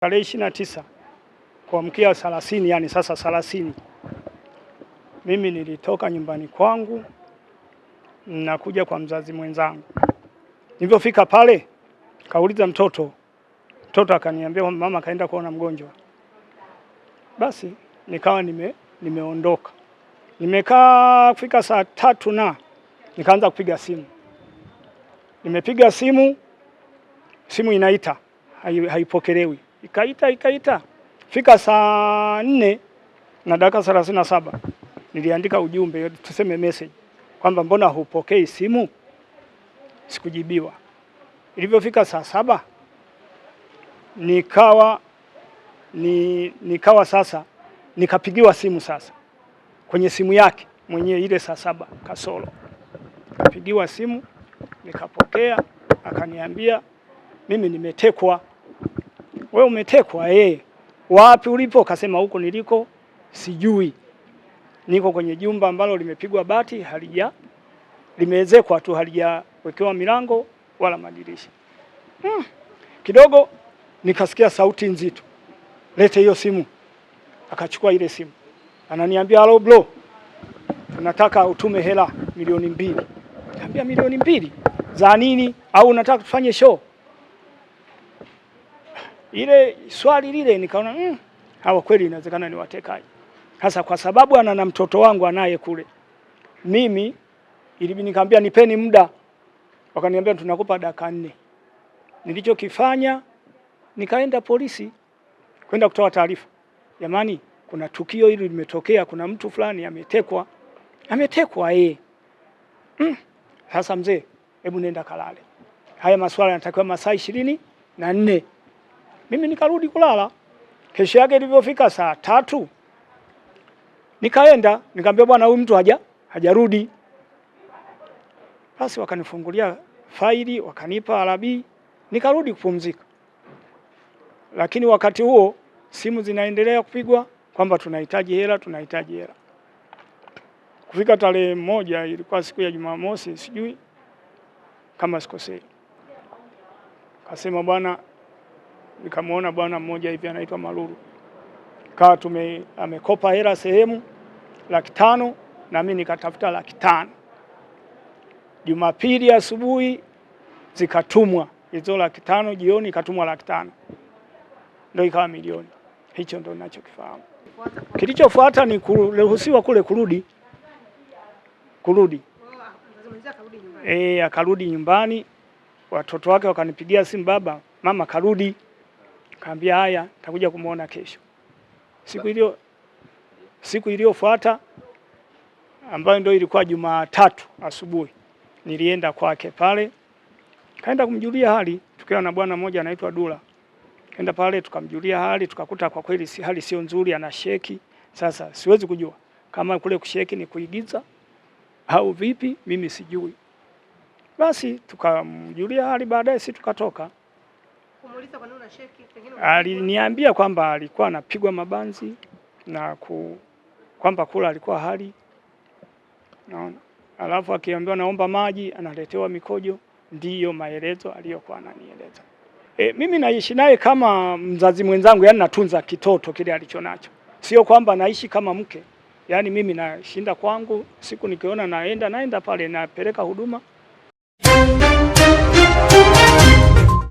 tarehe ishirini na tisa kuamkia thelathini, yani sasa thelathini, mimi nilitoka nyumbani kwangu na kuja kwa mzazi mwenzangu. Nilipofika pale kauliza mtoto, mtoto akaniambia mama kaenda kuona mgonjwa. Basi nikawa nime nimeondoka nimekaa kufika saa tatu na nikaanza kupiga simu. Nimepiga simu, simu inaita haipokelewi ikaita ikaita, fika saa nne na dakika thelathini na saba niliandika ujumbe, tuseme message kwamba mbona hupokei simu? Sikujibiwa. Ilivyofika saa saba nikawa ni, nikawa sasa nikapigiwa simu sasa kwenye simu yake mwenyewe ile saa saba kasoro, nikapigiwa simu nikapokea, akaniambia mimi nimetekwa wewe umetekwa eh? Wapi ulipo? Kasema huko niliko sijui, niko kwenye jumba ambalo limepigwa bati, halija limeezekwa tu, halijawekewa milango wala madirisha hmm. Kidogo nikasikia sauti nzito, lete hiyo simu. Akachukua ile simu, ananiambia halo bro, nataka utume hela milioni mbili. Niambia milioni mbili za nini? Au unataka tufanye show? ile swali lile nikaona mm, hawa kweli inawezekana ni watekaji. Sasa kwa sababu ana na mtoto wangu anaye kule, mimi ilibidi nikamwambia nipeni muda, wakaniambia tunakupa dakika nne. Nilichokifanya nikaenda polisi kwenda kutoa taarifa, jamani, kuna tukio hili limetokea, kuna mtu fulani ametekwa, ametekwa yeye. Mm, sasa mzee, hebu nenda kalale, haya masuala yanatakiwa masaa ishirini na nne. Mimi nikarudi kulala. Kesho yake ilivyofika saa tatu nikaenda nikamwambia, bwana, huyu mtu haja hajarudi. Basi wakanifungulia faili wakanipa arabi, nikarudi kupumzika. Lakini wakati huo simu zinaendelea kupigwa kwamba tunahitaji hela, tunahitaji hela. Kufika tarehe moja, ilikuwa siku ya Jumamosi, sijui kama sikosei, kasema bwana nikamwona bwana mmoja hivi anaitwa maruru kawa tume amekopa hela sehemu laki tano na mimi nikatafuta laki tano. Jumapili asubuhi zikatumwa hizo laki tano, jioni ikatumwa laki tano, ndio ikawa milioni. Hicho ndio ninachokifahamu. Kilichofuata ni kuruhusiwa kule kurudi kurudi, eh, akarudi nyumbani, watoto wake wakanipigia simu, baba mama karudi. Kaambia haya, takuja kumuona kesho. Siku hiyo siku iliyofuata ambayo ndio ilikuwa Jumatatu asubuhi, nilienda kwake pale, kaenda kumjulia hali tukiwa na bwana mmoja anaitwa Dula. Kaenda pale tukamjulia hali, tukakuta kwa kweli hali sio nzuri, ana sheki. Sasa siwezi kujua kama kule kusheki ni kuigiza au vipi, mimi sijui. Basi tukamjulia hali, baadaye si tukatoka Kumuuliza kwa nini pengine aliniambia kwamba alikuwa anapigwa mabanzi na ku, kwamba kula alikuwa hali naona, alafu akiambiwa naomba maji analetewa mikojo. Ndiyo maelezo aliyokuwa ananieleza. E, mimi naishi naye kama mzazi mwenzangu, yani natunza kitoto kile alichonacho, sio kwamba naishi kama mke. Yani mimi nashinda kwangu, siku nikiona naenda naenda pale napeleka huduma.